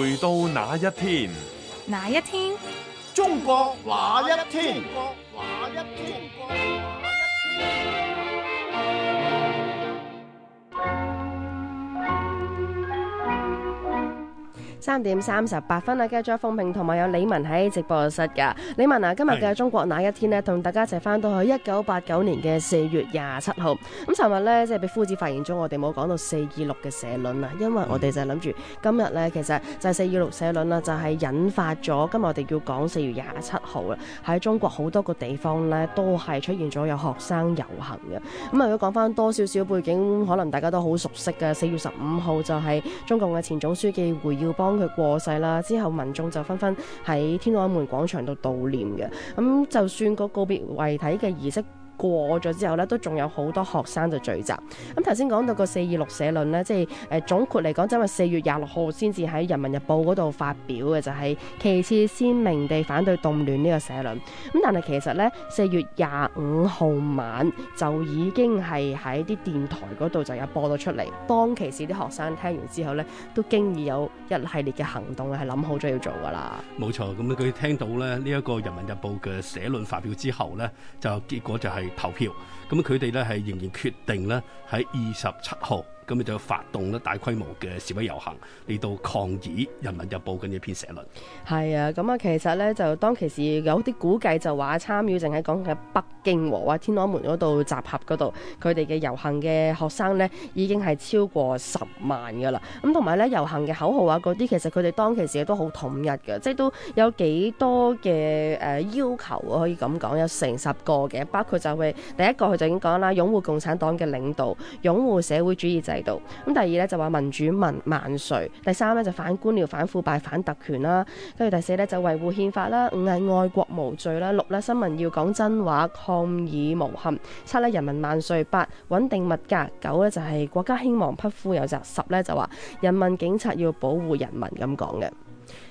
回到那一天，那一天，中國那一天？三點三十八分啊，跟住再封屏，同埋有李文喺直播室噶。李文啊，今日嘅中國那一天呢，同大家一齊翻到去一九八九年嘅四月廿七號。咁尋日呢，即係俾夫子發現咗。我哋冇講到四二六嘅社論啊，因為我哋就係諗住今日呢，其實就係四二六社論啦，就係引發咗今日我哋要講四月廿七號啦。喺中國好多個地方呢，都係出現咗有學生遊行嘅。咁啊，講翻多少少背景，可能大家都好熟悉嘅。四月十五號就係中共嘅前總書記胡耀邦。當佢過世啦，之後民眾就紛紛喺天安門廣場度悼念嘅。咁就算個告別遺體嘅儀式。過咗之後呢，都仲有好多學生就聚集。咁頭先講到個四二六社論呢，即係誒、呃、總括嚟講，就係四月廿六號先至喺《人民日報》嗰度發表嘅，就係、是、旗幟鮮明地反對動亂呢個社論。咁、嗯、但係其實呢，四月廿五號晚就已經係喺啲電台嗰度就有播咗出嚟。當其時啲學生聽完之後呢，都經已有一系列嘅行動係諗好咗要做㗎啦。冇錯，咁佢聽到咧呢一、這個《人民日報》嘅社論發表之後呢，就結果就係、是。投票，咁佢哋咧係仍然決定咧喺二十七號。咁咪就發動咧大規模嘅示威遊行嚟到抗議，人民日報嘅呢篇社論。係啊，咁啊其實咧就當其時有啲估計就話參與淨係講嘅北京和話天安門嗰度集合嗰度，佢哋嘅遊行嘅學生呢已經係超過十萬㗎啦。咁同埋咧遊行嘅口號啊嗰啲，其實佢哋當其時都好統一㗎，即係都有幾多嘅誒、呃、要求啊可以咁講，有成十個嘅，包括就係第一個佢就已經講啦，擁護共產黨嘅領導，擁護社會主義制度，咁第二咧就話民主民萬歲，第三咧就反官僚反腐敗反特權啦，跟住第四咧就維護憲法啦，五係愛國無罪啦，六咧新聞要講真話，抗議無憾，七咧人民萬歲，八穩定物價，九咧就係國家興亡匹夫有責，十咧就話人民警察要保護人民咁講嘅。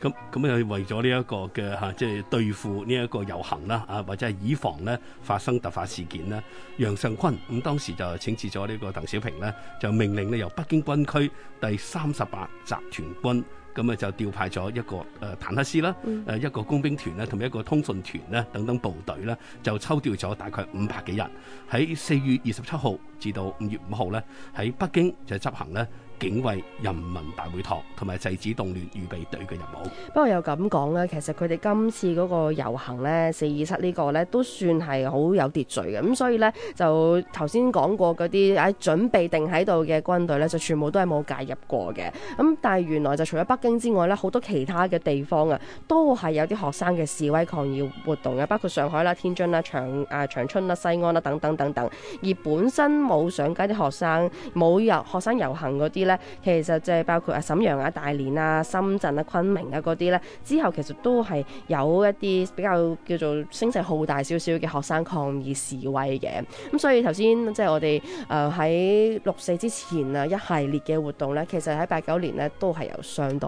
咁咁又為咗呢一個嘅吓，即、啊、係、就是、對付呢一個遊行啦，啊或者係以防呢發生突發事件呢，楊尚昆咁當時就請示咗呢個鄧小平呢，就命令呢由北京軍區第三十八集團軍。咁啊就調派咗一個誒、呃、坦克師啦，誒、嗯、一個工兵團啦同埋一個通訊團啦等等部隊咧，就抽調咗大概五百幾人，喺四月二十七號至到五月五號咧，喺北京就執行咧警衛人民大會堂同埋制止動亂預備隊嘅任務。不過又咁講咧，其實佢哋今次嗰個遊行咧，四二七呢個咧，都算係好有秩序嘅。咁所以咧，就頭先講過嗰啲喺準備定喺度嘅軍隊咧，就全部都係冇介入過嘅。咁但係原來就除咗北京之外咧，好多其他嘅地方啊，都係有啲學生嘅示威抗議活動啊，包括上海啦、天津啦、長啊、長春啦、西安啦等等等等。而本身冇上街啲學生冇遊學生遊行嗰啲咧，其實即係包括啊，沈陽啊、大連啊、深圳啊、昆明啊嗰啲咧，之後其實都係有一啲比較叫做聲勢浩大少少嘅學生抗議示威嘅。咁所以頭先即係我哋誒喺六四之前啊一系列嘅活動咧，其實喺八九年咧都係有上到。